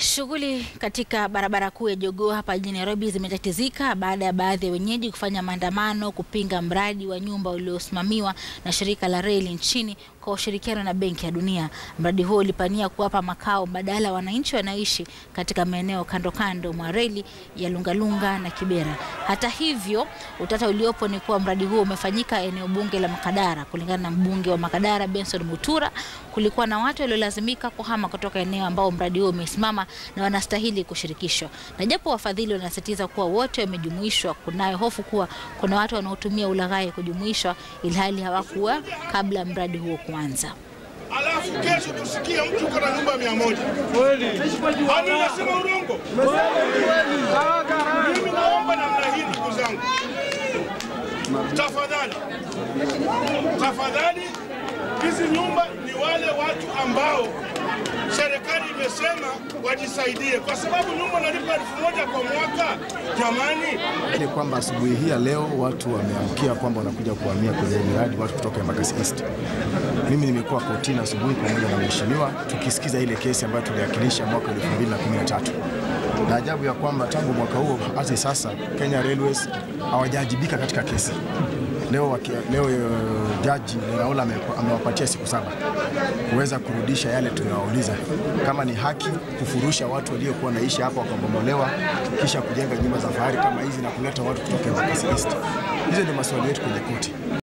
Shughuli katika barabara kuu ya Jogoo hapa jijini Nairobi zimetatizika baada ya baadhi ya wenyeji kufanya maandamano kupinga mradi wa nyumba uliosimamiwa na shirika la reli nchini kwa ushirikiano na Benki ya Dunia. Mradi huo ulipania kuwapa makao badala wananchi wanaishi katika maeneo kando kando mwa reli ya Lungalunga na Kibera. Hata hivyo, utata uliopo ni kuwa mradi huo umefanyika eneo bunge la Makadara. Kulingana na mbunge wa Makadara Benson Mutura, kulikuwa na watu waliolazimika kuhama kutoka eneo ambao mradi huo umesimama na wanastahili kushirikishwa. Na japo wafadhili wanasisitiza kuwa wote wamejumuishwa, kunayo hofu kuwa kuna watu wanaotumia ulaghai kujumuishwa ilhali hawakuwa kabla mradi huo kuanza. Alafu kesho tusikie mtu kana nyumba mia moja. Kweli. Ani nasema urongo? Kweli. Mimi naomba namna hii ndugu zangu. Tafadhali. Tafadhali hizi nyumba ni wale watu ambao serikali imesema wajisaidie, kwa sababu nyumba nalipa elfu moja kwa mwaka. Jamani, ni kwamba asubuhi hii ya leo watu wameamkia kwamba wanakuja kuhamia kwenye miradi, watu kutoka Embakasi East. Mimi nimekuwa kotini asubuhi pamoja na mheshimiwa tukisikiza ile kesi ambayo tuliakilisha mwaka 2013 na ajabu ya kwamba tangu mwaka huo hadi sasa Kenya Railways hawajaajibika katika kesi leo, wakia, leo eh, jaji Niraola amewapatia siku saba kuweza kurudisha yale tunawauliza, kama ni haki kufurusha watu waliokuwa naishi hapa wakabomolewa, kisha kujenga nyumba za fahari kama hizi na kuleta watu kutoka East. Hizo ni maswali yetu kwenye koti.